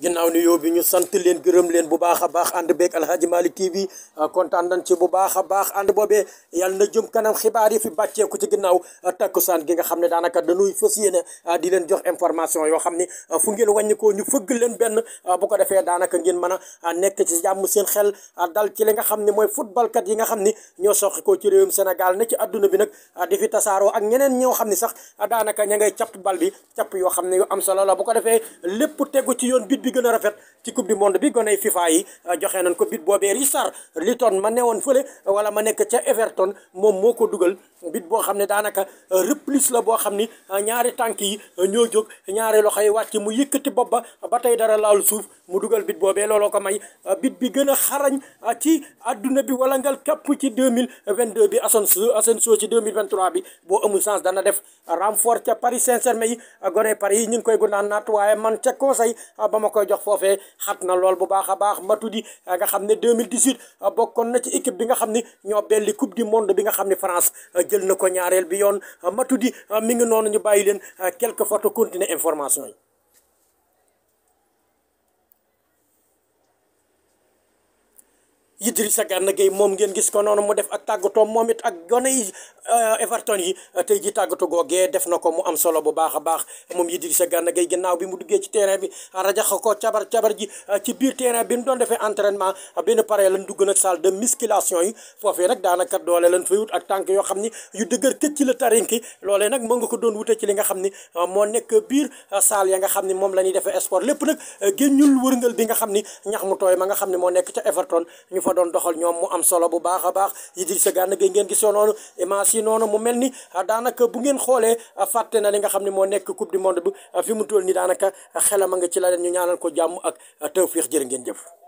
ginnaaw ni yow ñu sant leen gërëm leen bu baax a baax ànd beeg Aladji Malick TV ah, kontaan nañ ci bu baax a baax ànd boobee yàlla na jëm kanam xibaar yi fi bàcceeku ci ginnaaw ah, takkusaan gi nga xam ne daanaka dañuy fas yéene ah, di leen jox information yoo xam ne fu ngeen wàññikoo ñu fëgg leen benn bu ko defee daanaka ngeen mën a nekk ci jàmm seen xel dal ci li nga xam ne mooy footballkat yi nga xam ni ñoo soqi ko ci réewum Sénégal ne ci adduna bi nag di fi tasaaroo ak ñeneen ñoo xam ne sax daanaka ña ngay capp bal bi capp yoo xam ne yu am solo la bu ko defee bi gën a rafet ci coupe du monde bi goney FIFA yi euh, joxe nañ ko bit boobee Richard Liton ma newoon fële wala ma nekk ca Everton moom moo ko dugal bit boo xam ne daanaka euh, replis la boo xam ni euh, ñaari tànk yi ñoo jóg ñaari loxo yi wàcc mu yëkkati bopp ba ba tey dara laal suuf mu dugal bit boobee looloo ko may bit bi gën a xarañ a ci adduna bi wala ngal képp ci 2022 bi Asensio Asensio ci 2023 bi boo amul chance dana def renfort ca Paris Saint-Germain yi gone Paris yi ñu ngi koy gunaan naat waaye man ca conseil ba ma koy jox foofee xaat na lool bu baax a baax Matuidi nga xam ne 2018 ah, bokkoon na ci équipe bi nga xam ni ñoo belli coupe du monde bi nga xam ne France ah, jël na ko ñaareel bi yoon ah, Matuidi mi ngi noonu ñu bàyyi leen quelques photos continuer information yi Idrissa Gana Gueye moom ngeen gis ko noonu mu def ak tàggatoo moom it ak gone yi euh, Everton yi tey ji tàggatu googee def na ko mu am solo bu baax a baax moom Idrissa Gana Gueye ginnaaw bi mu duggee ci terrain bi rajax ko cabar cabar ji euh, ci biir terrain bi ñu doon defee entraînement benn pare lan dugg nag salle de musculation yi foofee nag daanaka doole lan fay wut ak tànk yoo xam ni yu dëgër këcc la tarinki loolee nag mën nga ko doon wute ci li nga xam ni euh, moo nekk biir salle ya nga moom la ñuy defee sport lépp nag génnul bi nga xam ni ñax mu tooy ma nga xam ni moo nekk ca fa doon doxal ñoom mu am solo bu baax a baax Idrissa Gana Gueye ngeen gisoo noonu image yi noonu mu mel ni daanaka bu ngeen xoolee fàtte na li nga xam ne moo nekk coupe du monde bi fi mu toll ni daanaka xelam a nga ci la leen ñu ñaanal ko jàmm ak tawféex jërë ngeen jëf